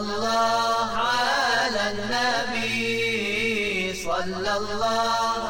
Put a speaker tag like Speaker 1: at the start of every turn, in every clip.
Speaker 1: الله على النبي صلى الله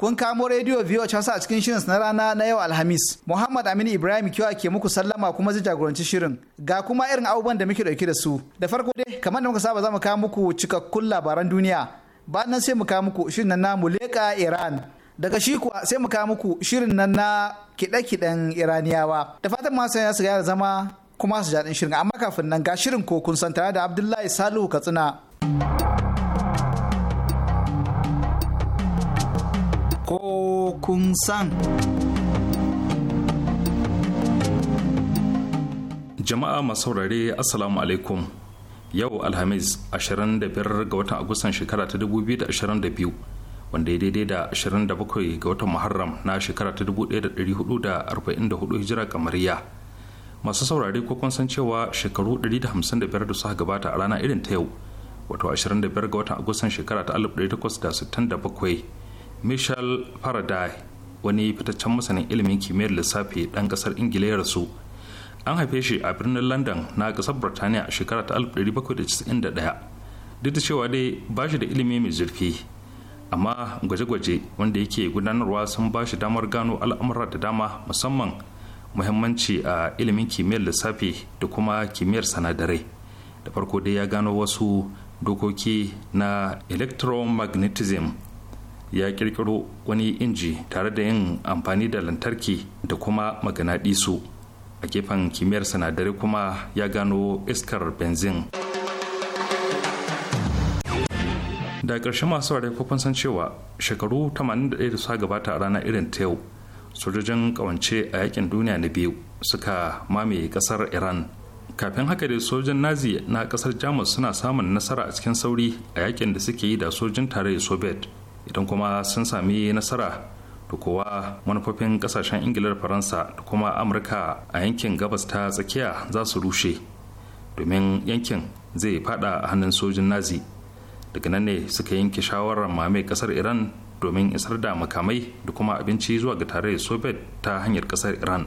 Speaker 2: kun kamo rediyo biyu Hausa a cikin shirin na rana na yau Alhamis. Muhammad Aminu Ibrahim Kiyawa ke muku sallama kuma zai jagoranci shirin. Ga kuma irin abubuwan da muke dauke da su. Da farko dai kamar da muka saba za mu kawo muku cikakkun labaran duniya. ba nan sai mu kawo muku shirin na Muleka Iran. Daga shi kuwa sai mu kawo muku shirin nan na kiɗe-kiɗen Iraniyawa. Da fatan masu ya su gaya zama kuma su jaɗin shirin amma kafin nan ga shirin ko kun santara da Abdullahi Salihu Katsina. ko kun san.
Speaker 3: Jama'a masu saurare Assalamu alaikum. Yau Alhamis 25 ga watan Agustan shekara ta 2022 wanda ya daidai da 27 ga watan Muharram na shekara ta 1444 hijira kamariya. Masu saurare ko kun san cewa shekaru 155 da suka gabata a rana irin ta yau, wato 25 ga watan Agustan shekara ta 1867 michel faraday wani fitaccen masanin ilimin kimiyyar lissafi ɗan ƙasar ingila rasu an haife shi a birnin london na ƙasar birtaniya a shekara ta 1791 duk da cewa dai ba shi da ilimi mai zurfi amma gwaje-gwaje wanda yake gudanarwa sun ba shi damar gano al'amura da dama musamman muhimmanci a ilimin kimiyyar lissafi da kuma kimiyyar sanadarai da farko dai ya gano wasu dokoki na electromagnetism ya kirkiro wani inji tare da yin amfani da lantarki da kuma maganaɗisu a gefen kimiyyar sinadarai kuma ya gano iskar benzin da ƙarshe masu ware kofin san cewa shekaru 81 da suka gabata a rana irin ta yau sojojin ƙawance a yakin duniya na biyu suka mamaye ƙasar iran kafin haka da sojojin nazi na ƙasar jamus suna samun nasara a cikin sauri a yakin da suke yi da sojin tarayyar soviet idan kuma sun sami nasara da kowa manufofin kasashen ingila da faransa da kuma amurka a yankin gabas ta tsakiya za su rushe domin yankin zai fada a hannun sojin nazi daga nan ne suka yanke shawarar mame kasar iran domin isar da makamai da kuma abinci zuwa ga tarayyar soviet ta hanyar kasar iran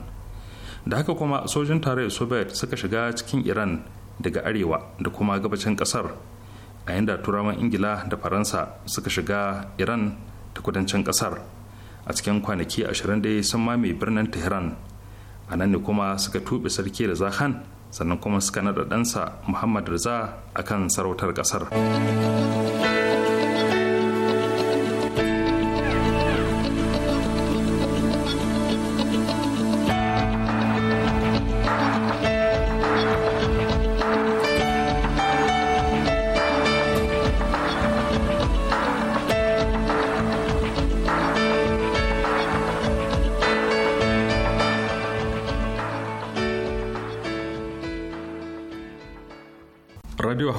Speaker 3: da haka kuma sojin tarayyar soviet suka shiga cikin iran daga arewa da kuma gabacin kasar a yadda turawan ingila da faransa suka shiga iran ta kudancin kasar a cikin kwanaki ashirin dai sun mame birnin tehran a nan ne kuma suka tuɓe sarki da zahan sannan kuma suka naɗa ɗansa muhammad riza akan sarautar kasar.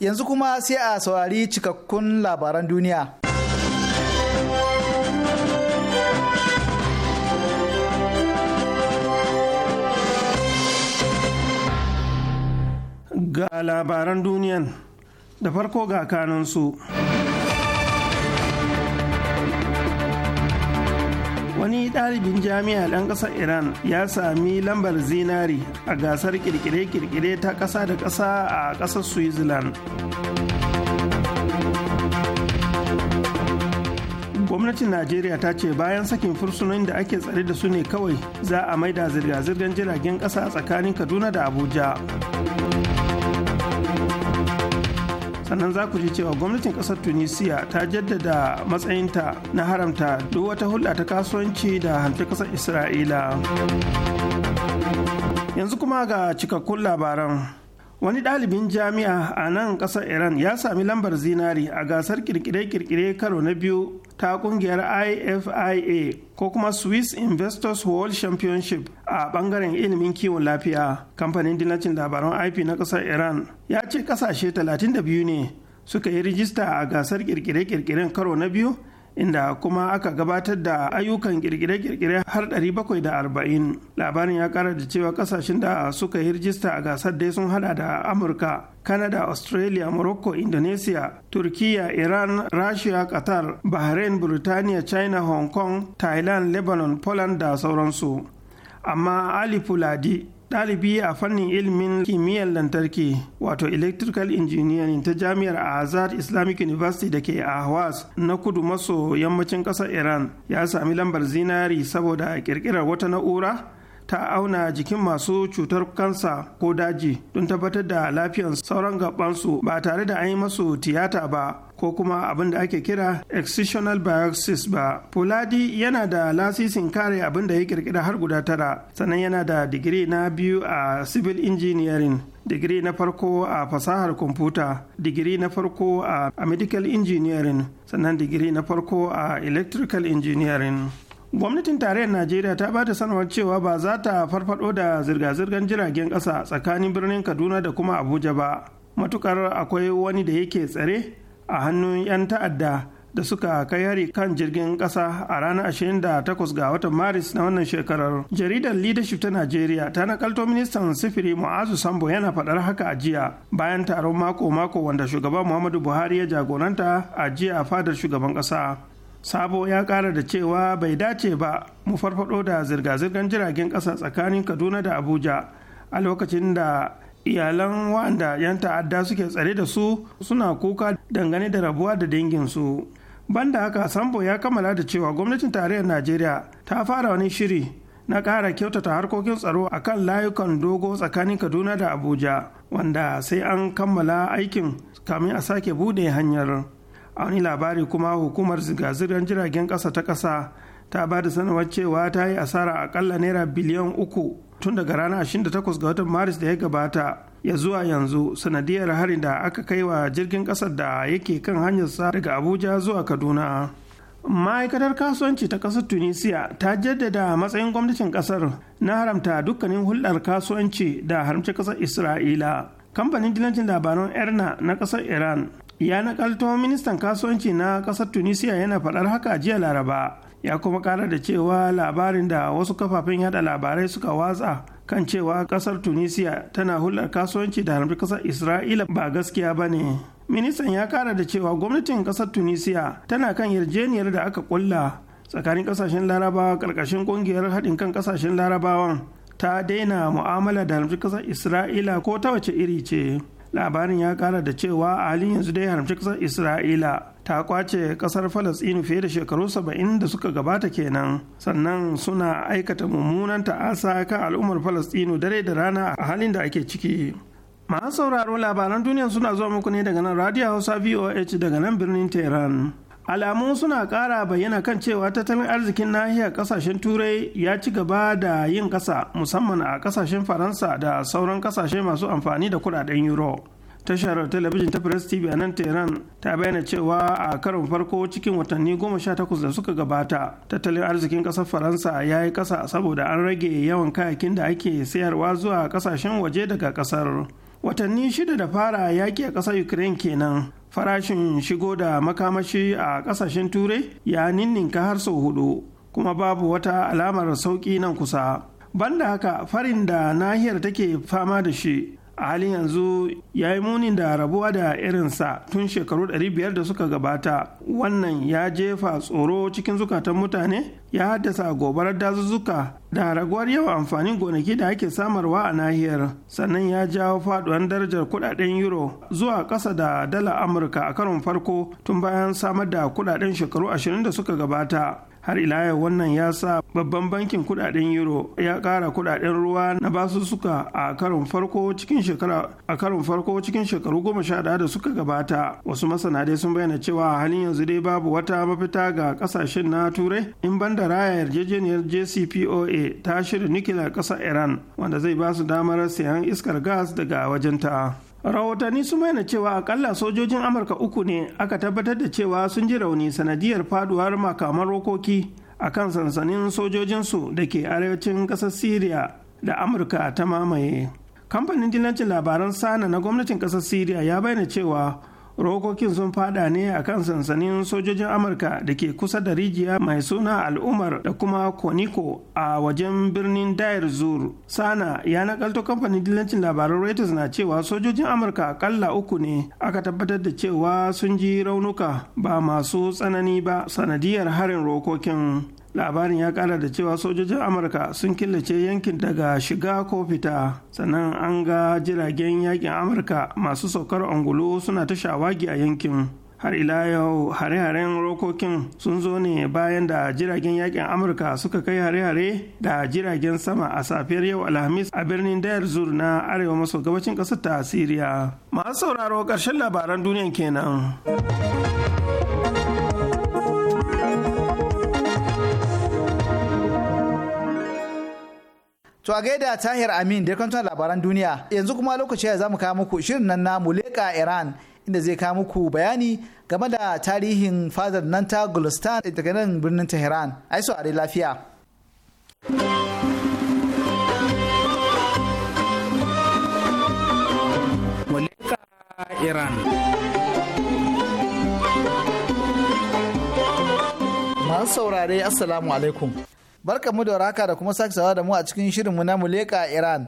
Speaker 2: Yanzu kuma sai a saurari cikakkun labaran duniya.
Speaker 4: Ga labaran duniyan da farko ga kanansu. su. ɗalibin jami'a ɗan ƙasar iran ya sami lambar zinari a gasar kirkire-kirkire ta ƙasa da ƙasa a ƙasar switzerland gwamnatin najeriya ta ce bayan sakin fursunonin da ake tsare da su ne kawai za a maida zirga-zirgar jiragen ƙasa tsakanin kaduna da abuja sannan za ku ji cewa gwamnatin ƙasar tunisia ta jaddada matsayinta na haramta duk wata hulɗa ta kasuwanci da hantar ƙasar isra'ila yanzu kuma ga cikakkun labaran wani ɗalibin jami'a a nan ƙasar iran ya sami lambar zinari a gasar kirkire-kirkire karo na biyu ta kungiyar IFIA ko kuma Swiss Investors World Championship a bangaren ilimin kiwon lafiya. Kamfanin dinacin labaran IP na ƙasar Iran ya ce ƙasashe 32 ne suka yi rijista a gasar kirkire-kirkiren karo na biyu inda kuma aka gabatar da ayyukan kirkire-kirkire har 740 labarin ya kara da cewa kasashen da suka yi rijista a gasar dai sun hada da amurka Kanada, australia morocco indonesia turkiya iran russia qatar bahrain burtaniya china hong kong thailand lebanon poland da sauransu amma ali fuladi ɗalibi a fannin ilimin kimiyyar lantarki wato electrical engineering ta jami'ar azad islamic university da ke a hawas na kudu maso yammacin ƙasar iran ya sami lambar zinari saboda ƙirƙirar wata na'ura ta auna jikin masu cutar kansa ko daji don tabbatar da lafiyar sauran gabansu ba tare da an yi masu tiyata ba ko kuma abin da ake kira excisional biopsies ba. Fuladi yana da lasisin kare abin da ya kirkira har guda tara, sannan yana da digiri na biyu a civil engineering, digiri na farko a fasahar kwamfuta, digiri na farko a medical engineering, sannan digiri na farko a electrical engineering. gwamnatin tarayyar najeriya ta ba da sanarwar cewa ba za ta farfado da zirga-zirgar jiragen ƙasa tsakanin birnin kaduna da kuma abuja ba matukar akwai wani da yake tsare a hannun 'yan ta'adda da suka kai hari kan jirgin ƙasa a ranar 28 ga watan maris na wannan shekarar jaridar leadership ta najeriya ta nakalto ministan sifiri mu'azu sambo yana faɗar haka a jiya bayan taron mako-mako wanda shugaban muhammadu buhari ya jagoranta a jiya a fadar shugaban ƙasa sabo ya kara da cewa bai dace ba mu farfado da zirga-zirgar jiragen ƙasa tsakanin kaduna da abuja a lokacin da iyalan wa'anda 'yan ta'adda suke tsare da su suna kuka dangane da rabuwa da danginsu banda haka sambo ya kammala da cewa gwamnatin tarayyar najeriya ta fara wani shiri na kara kyautata harkokin tsaro a kan layukan dogo tsakanin kaduna da abuja wanda sai an kammala aikin kamin a sake bude hanyar a wani labari kuma hukumar zirga-zirgar jiragen ƙasa ta ƙasa ta ba da sanarwar cewa ta yi asara akalla naira biliyan uku tun daga ranar 28 ga watan maris da ya gabata ya zuwa yanzu sanadiyar harin da aka kai wa jirgin ƙasar da yake kan hanyarsa daga abuja zuwa kaduna ma'aikatar kasuwanci ta ƙasar tunisia ta jaddada matsayin gwamnatin ƙasar na haramta dukkanin hulɗar kasuwanci da haramci ƙasar isra'ila kamfanin dilancin labaran erna na ƙasar iran ya nakalto ministan kasuwanci na kasar tunisia yana faɗar haka jiya laraba ya kuma ƙara da cewa labarin da wasu kafafen yada labarai suka watsa kan cewa kasar tunisia tana hular kasuwanci da harbi kasar isra'ila ba gaskiya ba ne ministan ya ƙara da cewa gwamnatin kasar tunisia tana kan yarjeniyar da aka kulla tsakanin kasashen larabawa ƙarƙashin ƙungiyar haɗin kan kasashen larabawan ta daina mu'amala da harbi kasar isra'ila ko ta wace iri ce labarin ya kara da cewa a halin yanzu dai haramci kasar isra'ila ta kwace kasar falasɗinu fiye da shekaru saba'in da suka gabata kenan sannan suna aikata mummunan ta'asa kan al'ummar falasɗinu dare da rana a halin da ake ciki masu sauraro labaran duniya suna zuwa muku ne daga nan radio hausa voh daga nan birnin tehran alamu suna kara bayyana kan cewa tattalin arzikin nahiyar kasashen turai ya ci gaba da yin kasa musamman a kasashen faransa da sauran kasashe masu amfani da kudaden euro tashar talabijin ta press tv a nan tehran ta bayyana cewa a karon farko cikin watanni goma sha takwas da suka gabata tattalin arzikin ƙasar faransa ya yi kasa saboda an rage yawan kayakin da ake sayarwa zuwa kasashen waje daga kasar. watanni shida da fara yaƙi a ƙasar ukraine kenan farashin shigo da makamashi a ƙasashen turai ya ninninka har sau hudu kuma babu wata alamar sauƙi nan kusa banda haka farin da nahiyar take fama da shi a halin yanzu ya yi muni da rabuwa da irinsa tun shekaru 500 da suka gabata wannan ya jefa tsoro cikin zukatan mutane ya haddasa gobarar dazuzzuka da raguwar yawan amfanin gonaki da ake samarwa a nahiyar sannan ya jawo faduwar darajar kudaden euro zuwa kasa da dala amurka a karon farko tun bayan samar da kudaden shekaru 20 da suka gabata har ila yau wannan ya sa babban bankin kudaden euro ya kara kudaden ruwa na basussuka a karon farko cikin shekara a karon farko cikin shekaru goma sha daya da suka gabata wasu masana dai sun bayyana cewa halin yanzu dai babu wata mafita ga kasashen na turai in ban da raya yarjejeniyar jcpoa ta shirin nukiliyar kasar iran wanda zai basu su damar sayan iskar gas daga wajenta rahotanni sun bayyana cewa akalla sojojin amurka uku ne aka tabbatar da cewa sun ji rauni sanadiyar faduwar makaman rokoki a kan sansanin sojojinsu da ke arewacin ƙasar syria da amurka ta mamaye kamfanin dillancin labaran sana na gwamnatin ƙasar syria ya bayyana cewa rokokin sun fada ne a kan sansanin sojojin amurka da ke kusa da rijiya mai suna al'umar da kuma koniko a wajen birnin dayar zur sana ya nakalto kamfanin dillancin labaran reuters na cewa sojojin amurka akalla uku ne aka tabbatar da cewa sun ji raunuka ba masu tsanani ba sanadiyar harin rokokin labarin ya kara da cewa sojojin amurka sun killace yankin daga shiga ko fita sannan an ga jiragen yakin amurka masu saukar angulu suna ta shawagi a yankin har ila yau hare-haren rokokin sun zo ne bayan da jiragen yakin amurka suka kai hare-hare da jiragen sama a safiyar yau alhamis a birnin dayar zur na arewa maso gabacin ƙasar ta siriya masu sauraro ƙarshen labaran duniyan kenan.
Speaker 2: To a gaida Tahir Amin da ya kantun labaran duniya yanzu kuma lokaci ya zamu kawo muku shirin nan namu Iran inda zai kawo muku bayani game da tarihin fadar nan ta Gulistan daga nan birnin Tehran. Ai so are lafiya.
Speaker 3: Muleka Iran.
Speaker 2: Masu saurare Assalamu alaikum. barka mu da waraka da kuma sake sawa da mu a cikin shirinmu na muleka iran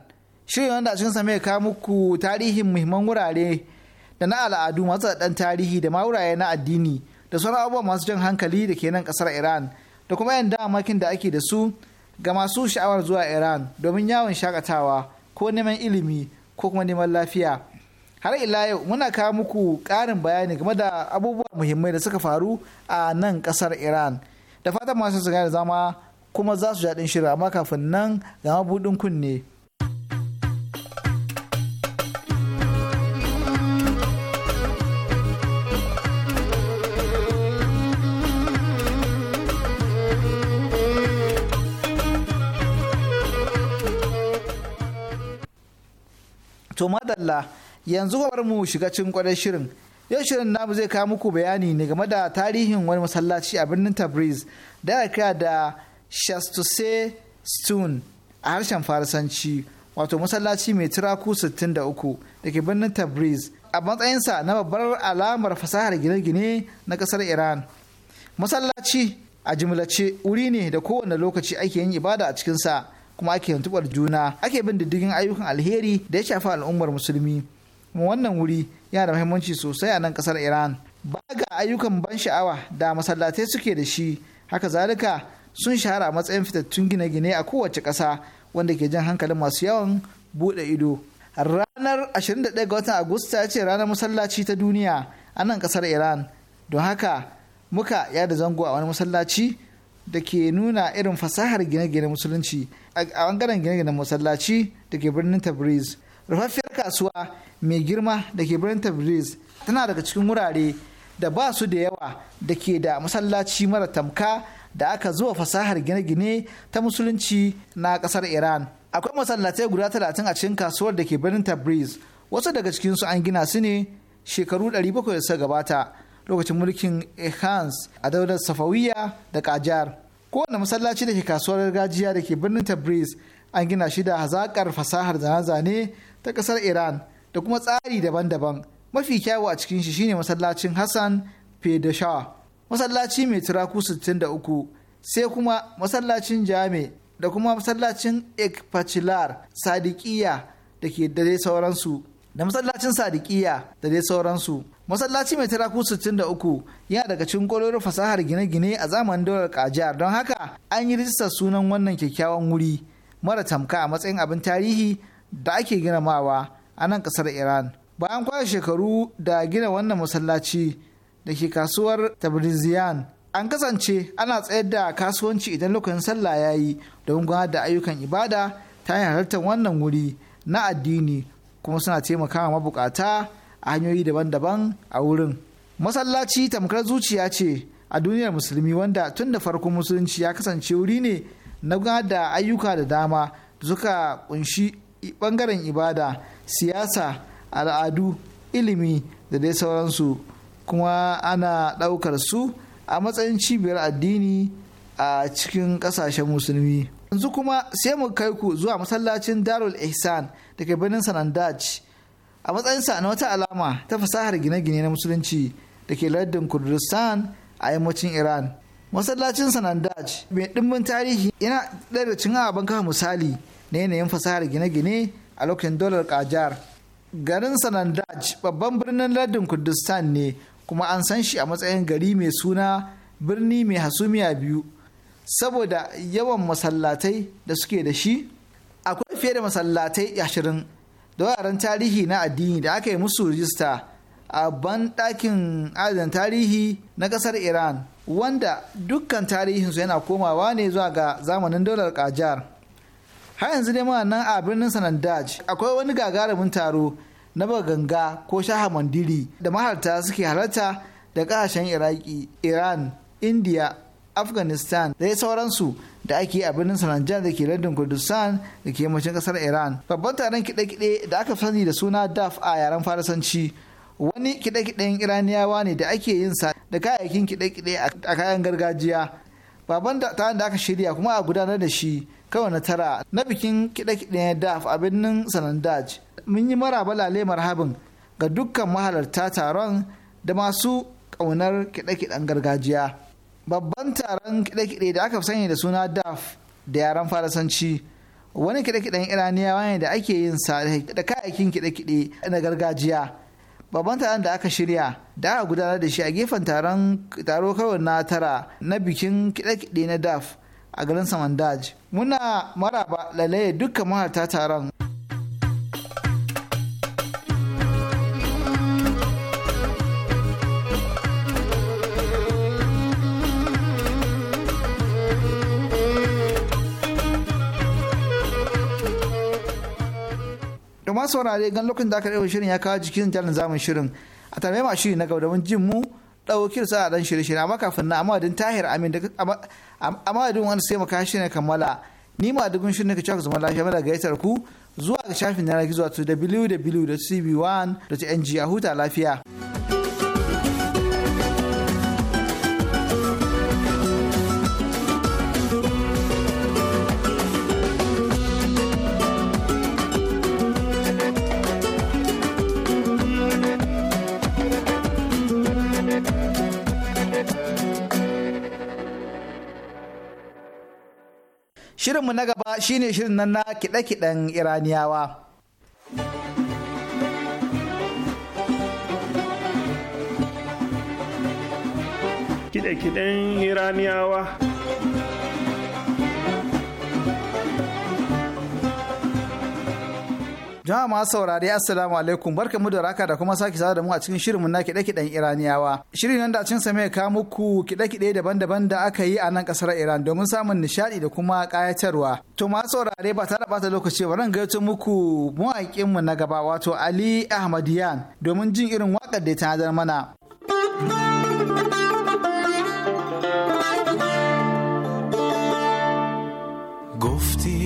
Speaker 2: shirin wanda a cikin sa mai kawo muku tarihin muhimman wurare da na al'adu masu dan tarihi da ma wurare na addini da sauran abubuwa masu jan hankali da ke nan kasar iran da kuma yan damakin da ake da su ga masu sha'awar zuwa iran domin yawon shakatawa ko neman ilimi ko kuma neman lafiya har ila yau muna kawo muku karin bayani game da abubuwa muhimmai da suka faru a nan kasar iran da fatan masu su da zama kuma za su jaɗin shirin amma kafin nan ga mabuɗin kunne. To madalla yanzu gabar mu shiga cikin kwadar shirin. Yau shirin namu zai kawo muku bayani ne game da tarihin wani masallaci a birnin Tabriz da aka da shastuse stone a harshen farisanci wato masallaci mai turaku 63 da ke birnin tabriz a matsayinsa na babbar alamar fasahar gine-gine na kasar iran masallaci a jimlace wuri ne da kowane lokaci ake yin ibada a cikinsa kuma ake yantubar juna ake bin diddigin ayyukan alheri da ya shafi al'ummar musulmi wannan wuri yana da muhimmanci sosai a nan kasar iran ba ga ayyukan ban sha'awa da masallatai suke da shi haka zalika sun shahara a matsayin fitattun gine-gine a kowace ƙasa wanda ke jan hankalin masu yawan buɗe ido. Ranar 21 ga watan Agusta ya ce ranar masallaci ta duniya a nan ƙasar Iran. Don haka muka yada zango a wani masallaci da ke nuna irin fasahar gine-gine musulunci a bangaren gine gine masallaci da ke birnin Tabriz. Rufaffiyar kasuwa mai girma da ke birnin Tabriz tana daga cikin wurare da ba su da yawa da ke da masallaci mara tamka da aka zuwa fasahar gine-gine ta musulunci na kasar iran akwai masallatai guda talatin a cikin kasuwar da ke birnin tabriz wasu daga cikinsu an gina su ne shekaru 700 da suka gabata lokacin mulkin ehans a daular safawiya da kajar kowane masallaci da ke kasuwar gargajiya da ke birnin tabriz an gina shi da hazakar fasahar zane-zane ta kasar iran da kuma tsari daban-daban mafi kyawu a cikin shi shine masallacin hassan fedashawa masallaci mai turaku 63 sai kuma masallacin jami da kuma masallacin ekpachilar sadikiya da ke da dai sauransu da masallacin sadikiya da dai sauransu masallaci mai turaku 63 yana daga cikin kwalorin fasahar gine-gine a zamanin daular kajiyar don haka an yi rijistar sunan wannan kyakkyawan wuri mara tamka a matsayin abin tarihi da ake gina mawa a nan kasar iran bayan kwashe shekaru da gina wannan masallaci da ke kasuwar tabriziyan an kasance ana tsayar da kasuwanci idan lokacin sallah ya yi don gudanar da ayyukan ibada ta halartar wannan wuri na addini kuma suna taimakawa mabukata a hanyoyi daban-daban a wurin masallaci tamkar zuciya ce a duniyar musulmi wanda tun da farkon musulunci ya kasance wuri ne na gudanar da ayyuka da dama suka kunshi bangaren ibada siyasa al'adu ilimi da dai sauransu kuma ana ɗaukar su a matsayin cibiyar addini a cikin ƙasashen musulmi yanzu kuma sai mu kai ku zuwa masallacin darul ihsan da ke birnin sanandaj a matsayinsa na wata alama ta fasahar gine-gine na musulunci da ke lardin kurdistan a yammacin iran masallacin sanandaj mai ɗimbin tarihi yana ɗaya da cin abin kafa misali na yanayin fasahar gine-gine a lokacin dolar kajar garin sanandaj babban birnin lardin kurdistan ne kuma an san shi a matsayin gari mai suna birni mai hasumiya biyu saboda yawan masallatai da suke da shi akwai fiye da masallatai ashirin da wuraren tarihi na addini da aka yi musu rijista a banɗakin adadin tarihi na ƙasar iran wanda dukkan tarihinsu yana komawa ne zuwa ga zamanin daular kajar har yanzu dai muna nan a birnin sanandaj akwai wani gagarumin taro na baganga ko shaha mandiri da maharta suke halarta da kasashen iraki iran india afghanistan da sauransu da ake a birnin sananjan da ke lardin kurdistan da ke yammacin kasar iran babban taron kide-kide da aka sani da suna daf a yaren farasanci wani kide-kiden iraniyawa ne da ake yin sa da kayayyakin kide-kide a kayan gargajiya baban taron da aka shirya kuma a gudanar da shi kawai na tara na bikin kide-kiden daf a birnin sanandaj mun yi mara balale marhabin ga dukkan mahalarta taron da masu ƙaunar kiɗe-kiɗen gargajiya babban taron kiɗe-kiɗe da aka sani da suna daf da yaren farasanci wani kiɗe-kiɗen iraniyawa ne da ake yin sa da kayayyakin kiɗe-kiɗe na gargajiya babban taron da aka shirya da aka gudanar da shi a gefen taron taro kawai na tara na bikin kiɗe-kiɗe na daf a garin samandaj muna maraba lalaye dukkan mahalarta taron masu saurare gan lokacin da aka ɗaukar shirin ya kawo jikin jalan zamun shirin a tarbe ma shiri na gaba domin jin mu ɗauki sa a ɗan shirye-shirye amma kafin na amadin tahir amin da amadin wani sai mu kashi ne kammala ni ma dugun shirin ka cewa zama lafiya da gaitar ku zuwa ga shafin yanar gizo wato www.cb1.ng a huta lafiya. Shirinmu na gaba shine shirin nan na kiɗe-kiɗen Iraniyawa.
Speaker 4: Kiɗe-kiɗen Iraniyawa.
Speaker 2: jama'a masu saurari assalamu alaikum mu da raka da kuma sake sada da mu a cikin shirinmu na kiɗe-kiɗen iraniyawa shirin nan da cin sa mai kawo muku kiɗe-kiɗe daban-daban da aka yi a nan ƙasar iran domin samun nishaɗi da kuma kayatarwa to masu saurari ba ta bata lokaci ba ran gaito muku mawaƙin mu na gaba wato ali ahmadiyan domin jin irin waƙar da ta hadar mana.
Speaker 1: گفتی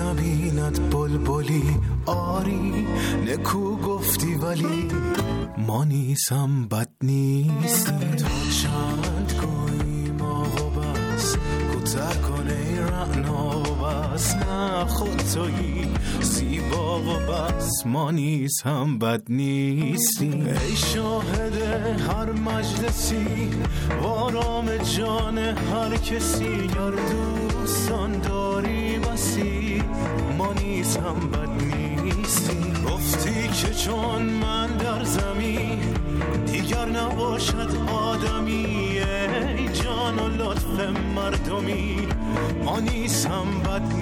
Speaker 1: نبیند بلبلی آری نکو گفتی ولی ما نیسم بد نیستی تا چند ما و بس کتر کنه رعنا بس نه خود تویی زیبا و بس ما نیسم بد نیستی ای شاهد هر مجلسی وارا جان هر کسی یار دوستان داری بسی ما نیز بد نیستی گفتی که چون من در زمین دیگر نباشد آدمی ای جان و لطف مردمی ما نیز هم بد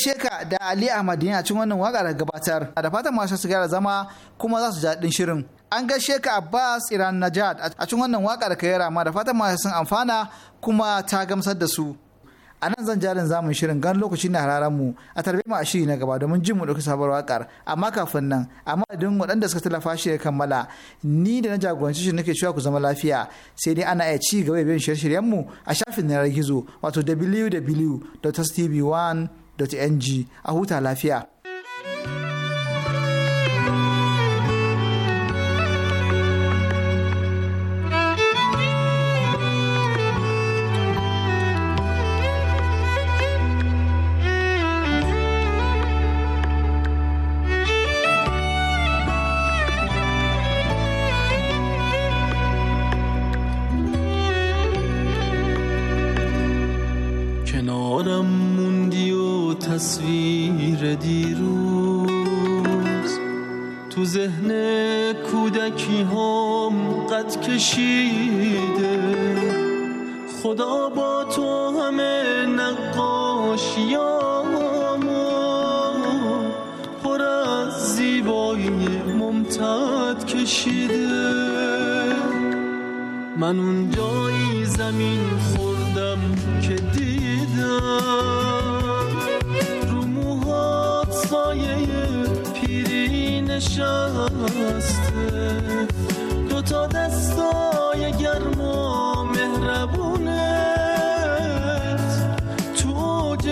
Speaker 2: gaishe ka da Ali Ahmad a cikin wannan waka da gabatar. Da fatan masu su gyara zama kuma za su ji daɗin shirin. An gaishe ka Abbas Iran Najad a cikin wannan waka da kai rama da fatan masu sun amfana kuma ta gamsar da su. A nan zan jarin zamun shirin gan lokaci na hararen mu a tarbe mu a shiri na gaba domin jin mu ɗauki sabuwar wakar amma kafin nan amma idan waɗanda suka tallafa shi ya kammala ni da na jagoranci shi nake cewa ku zama lafiya sai dai ana iya ci gaba da bin shirye-shiryen mu a shafin yanar gizo wato www.tv1 ng a huta lafiya.
Speaker 1: کودکی هم قد کشیده خدا با تو همه نقاشیاما پر از زیبایی ممتد کشیده من اون جایی زمین خوردم که دیدم رو موهات سایه پیری نشسته دوتا دستای گرم و مهربونت تو اوج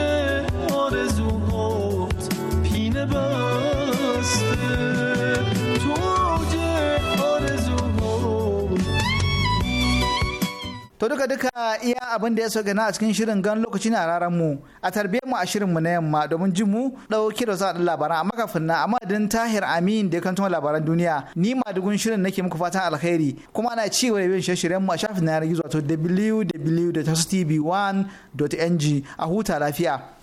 Speaker 1: آرزوهات پینه بسته تو اوج آرزوهات
Speaker 2: تو abin da ya sauke na a cikin shirin gan lokaci na raran mu a tarbiyyar mu a shirin mu na yamma domin jin mu ɗauke da sa labaran amma kafin na amma din tahir amin da kan tuma labaran duniya ni ma dugun shirin nake muku fatan alkhairi kuma ana ci gaba da bin shirye mu a shafin na yanar gizo wato www.tv1.ng a huta lafiya.